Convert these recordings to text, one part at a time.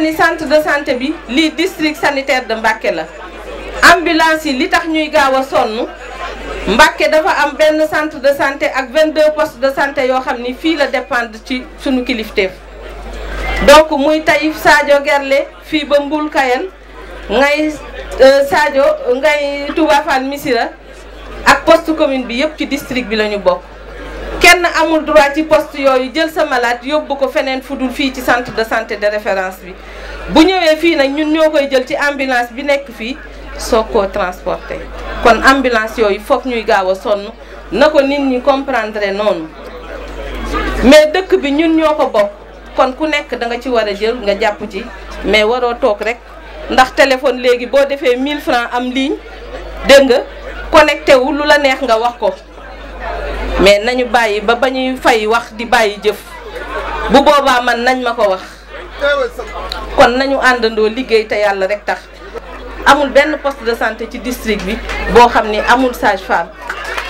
leen centre de santé bi lii district sanitaire de Mbacké la ambulance yi li tax ñuy gaaw a sonn Mbacké dafa am benn centre de santé ak 22 postes de santé yoo xam ni fii la dépendre ci suñu kilifteef donc muy Taïf Sadio Gerle fii ba Mbul Kayen ngay euh, Sadio ngay Missira ak poste commune bi yëpp ci district bi la ñu bokk kenn amul droit ci poste yooyu jël sa malade yóbbu ko feneen fu dul fii ci centre de santé de référence bi bu ñëwee fii nag ñun ñoo koy jël ci ambulance bi nekk fii soo ko transporté kon ambulance yooyu foog ñuy gaaw a sonn na ko nit ñi comprendre noonu mais dëkk bi ñun ñoo ko bokk kon ku nekk da nga ci war a jël nga jàpp ci mais waroo toog rek ndax téléphone léegi boo defee 1000 francs am ligne dégg nga connecté wu lu la neex nga wax ko mais nañu bàyyi ba ba ñuy fay wax di bàyyi jëf bu boobaa man nañ ma ko wax kon nañu àndandoo liggéey te yàlla rek tax amul benn poste de santé ci district bi boo xam ni amul sage-femme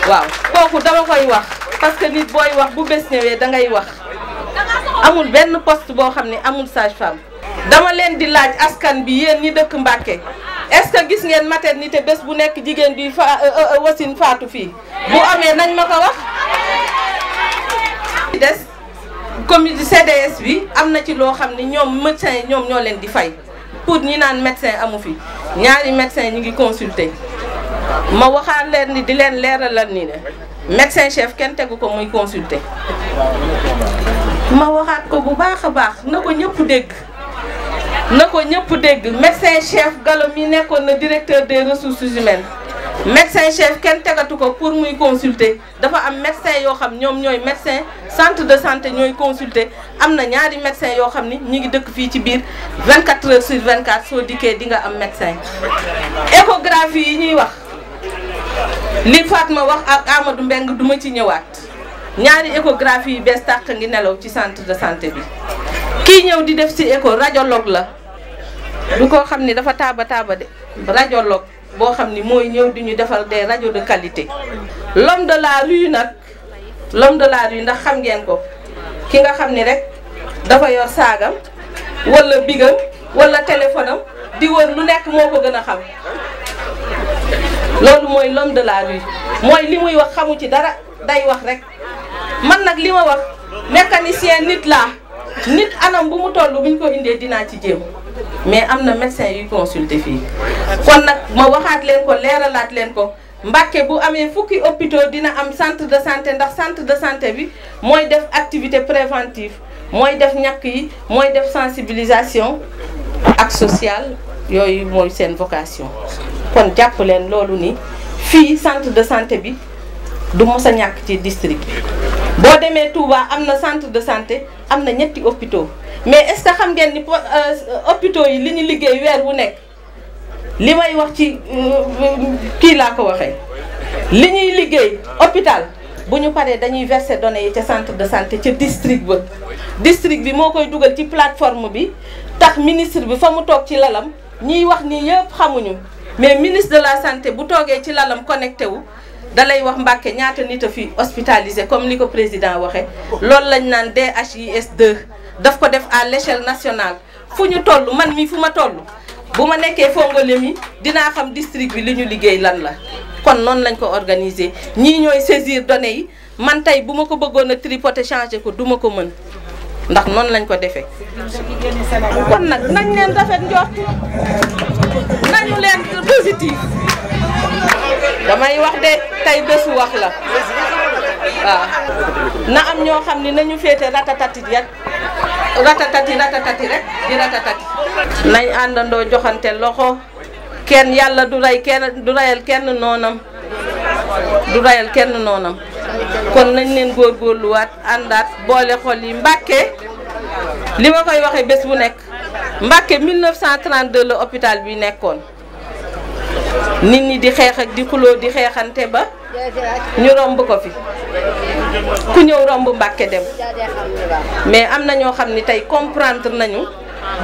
waaw kooku dama koy wax parce que nit booy wax bu bés ñëwee da ngay wax amul benn poste boo xam ne amul sage-femme dama leen di laaj askan bi yéen ñi dëkk Mbàkke est-ce que gis ngeen maternité bés bu nekk jigéen bi fa euh, euh, euh, wasin faatu fii bu amee nañ ma ko wax des comité CDS bi am na ci loo xam ni ñoom médecin yi ñoom ñoo leen di fay pour ñi naan médecin amu fi ñaari médecin ñu ngi consulter ma waxaan leen ni di leen leeralal ni ne médecin chef kenn tegu ko muy consulter ma waxaat ko bu baax a baax na ko ñëpp dégg na ko ñëpp dégg médecin chef Gallo mi nekkoon na directeur des ressources humaines médecin chef kenn tegatu ko pour muy consulter dafa am médecin yoo xam ñoom ñooy médecin centre de santé ñooy consulter am na ñaari médecin yoo xam ni ñu ngi dëkk fii ci biir vingt 24 heures sur 24 soo dikkee di nga am médecin échographie yi ñuy wax li ma wax ak Amadou Mbeng duma ci ñëwaat ñaari échographie yi bees tàq ngi nelaw ci centre de santé bi kii ñëw di def ci écho radiologue la du koo xam ni dafa taaba taaba de radiologue boo xam ni mooy ñëw di ñu defal des rajo de qualité l'homme de laa rue nag l'homme de laa rue ndax xam ngeen ko ki nga xam ni rek dafa yor saagam wala bigam wala téléphone am di wër lu nekk moo ko gën a xam loolu mooy l'homme de la rue mooy li muy wax xamu ci dara day wax rek man nag li ma wax mécanicien nit laa nit anam bu mu toll buñ ko indee dinaa ci jéem mais am na médecin yuy consulter fii kon nag ma waxaat leen ko leeralaat leen ko Mbàkke bu amee fukki hôpitaux dina am centre de santé ndax centre de santé bi mooy def activité préventive mooy def ñàkk yi mooy def sensibilisation ak sociale yooyu mooy seen vocation kon jàpp leen loolu ni fii centre de santé bi du mos ñàkk ci district bi boo demee Touba am na centre de santé am na ñetti hôpitaux mais est-ce que xam ngeen ni euh, hôpitaux yi li ñu liggéey weer wu nekk li may wax ci euh, kii laa ko waxee li ñuy liggéey hôpital bu ñu paree dañuy verser données yi ca centre de santé ca district ba district bi moo koy dugal ci plateforme bi tax ministre bi fa mu toog ci lalam ñiy wax ni yëpp xamuñu mais ministre de la santé bu toogee ci lalam connecté wu da lay wax Mbàkke ñaata nit a fi hospitalisé comme ni ko président waxee loolu lañ naan DHIS d daf ko def à l'échelle national fu ñu toll man mi fu ma toll bu ma nekkee Fongolemi dinaa xam district bi li ñu liggéey lan la kon noonu lañ ko organiser ñii ñooy saisir données yi man tey bu ma ko bëggoon a tripoter changer ko duma ko mën ndax noonu lañ ko defee kon nag nañ leen rafet njort nañu leen positif damay wax de tey bésu wax la waaw na am ñoo xam ni nañu féete ratatati rek ratatati ratatati rek di ratatati nay àndandoo joxante loxo kenn yàlla du rey kenn du reyal kenn noonam du reyal kenn noonam kon nañ leen góorgóorluwaat àndaat boole xol yi Mbàkke li ma koy waxee bés bu nekk Mbàkke 1932 la hôpital bi nekkoon nit ñi di xeex ak di xuloo di xeexante ba ñu romb ko fi ku ñëw romb Mbàkke dem mais am na ñoo xam ni tey comprendre nañu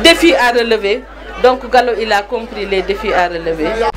défi à relever donc Gallo il a compris les défis à relever